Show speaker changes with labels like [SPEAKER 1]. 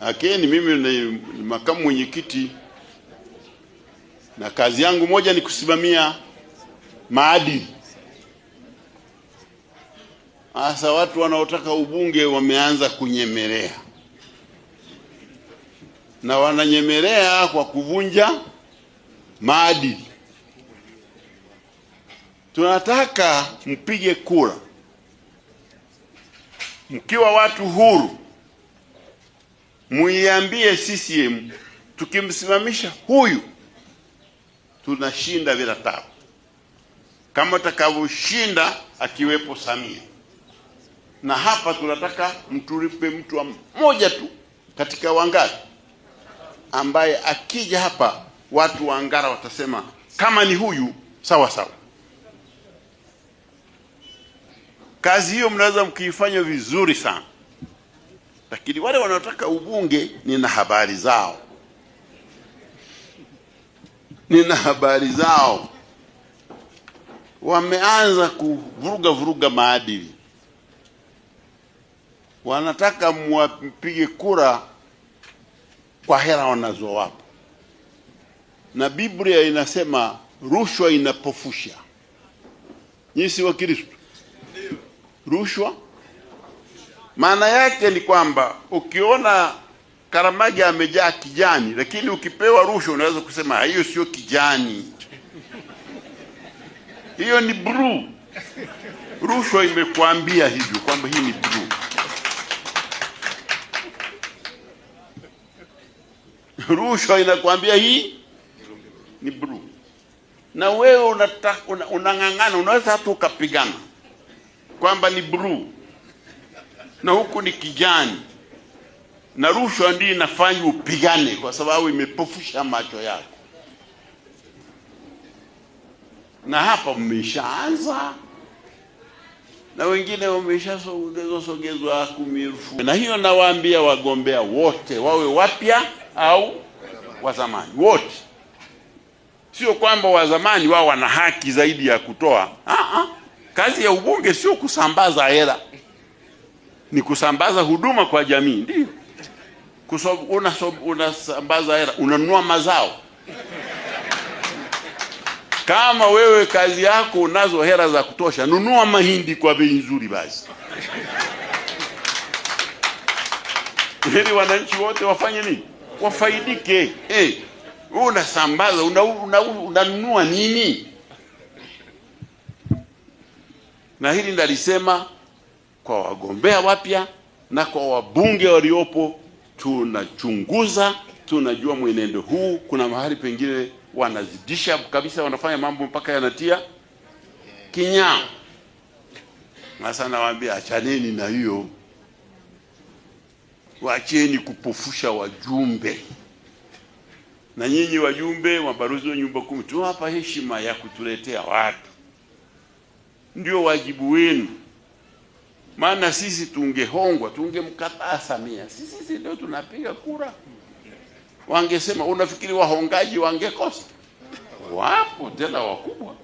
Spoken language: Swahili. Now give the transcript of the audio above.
[SPEAKER 1] Lakini mimi ni makamu mwenyekiti na kazi yangu moja ni kusimamia maadili. Hasa watu wanaotaka ubunge wameanza kunyemelea na wananyemelea kwa kuvunja maadili. Tunataka mpige kura mkiwa watu huru muiambie CCM tukimsimamisha huyu tunashinda bila tabu, kama atakavyoshinda akiwepo Samia. Na hapa tunataka mturipe mtu mmoja tu katika Wangara ambaye akija hapa watu wa Ngara watasema kama ni huyu sawa sawa. Kazi hiyo mnaweza mkiifanya vizuri sana lakini wale wanaotaka ubunge nina habari zao, nina habari zao. Wameanza kuvuruga vuruga maadili, wanataka mwapige kura kwa hela wanazowapa, na Biblia inasema rushwa inapofusha. Nyinyi si Kristo? Rushwa maana yake ni kwamba ukiona karamaji amejaa kijani, lakini ukipewa rushwa unaweza kusema ah, hiyo sio kijani, hiyo ni bluu. Rushwa imekwambia hivyo kwamba hii ni bluu. Rushwa inakwambia hii ni bluu, na wewe unang'ang'ana, unaweza hata ukapigana kwamba ni bluu na huku ni kijani, na rushwa ndiyo inafanya upigane, kwa sababu imepofusha macho yako, na hapa mmeshaanza na wengine wameshasogezwa sogezwa kumi elfu. Na hiyo nawaambia wagombea wote wawe wapya au wazamani wote, sio kwamba wazamani wao wana haki zaidi ya kutoa. Aha, ah. kazi ya ubunge sio kusambaza hela ni kusambaza huduma kwa jamii, ndio unasambaza hela, unanunua mazao. Kama wewe kazi yako unazo hela za kutosha, nunua mahindi kwa bei nzuri basi ili wananchi wote wafanye nini? Wafaidike. Hey, eh, unasambaza unanunua, una, una nini? Na hili ndalisema kwa wagombea wapya na kwa wabunge waliopo. Tunachunguza, tunajua mwenendo huu, kuna mahali pengine wanazidisha kabisa, wanafanya mambo mpaka yanatia kinyaa. Sasa nawaambia achaneni na hiyo, wacheni kupofusha wajumbe. Na nyinyi wajumbe, mabalozi wa nyumba kumi, tunawapa heshima ya kutuletea watu, ndio wajibu wenu maana sisi tungehongwa, tungemkataa Samia. Sisi ndio tunapiga kura, wangesema. Unafikiri wahongaji wangekosa? Wapo tena wakubwa.